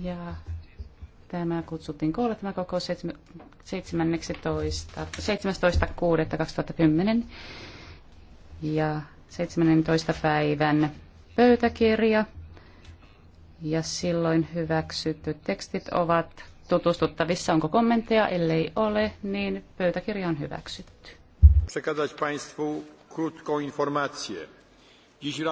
Ja tämä kutsuttiin koolle tämä koko 17.6.2010 ja 17. päivän pöytäkirja ja silloin hyväksytty tekstit ovat tutustuttavissa. Onko kommentteja? Ellei ole, niin pöytäkirja on hyväksytty. Przekazać Państwu krótką informację.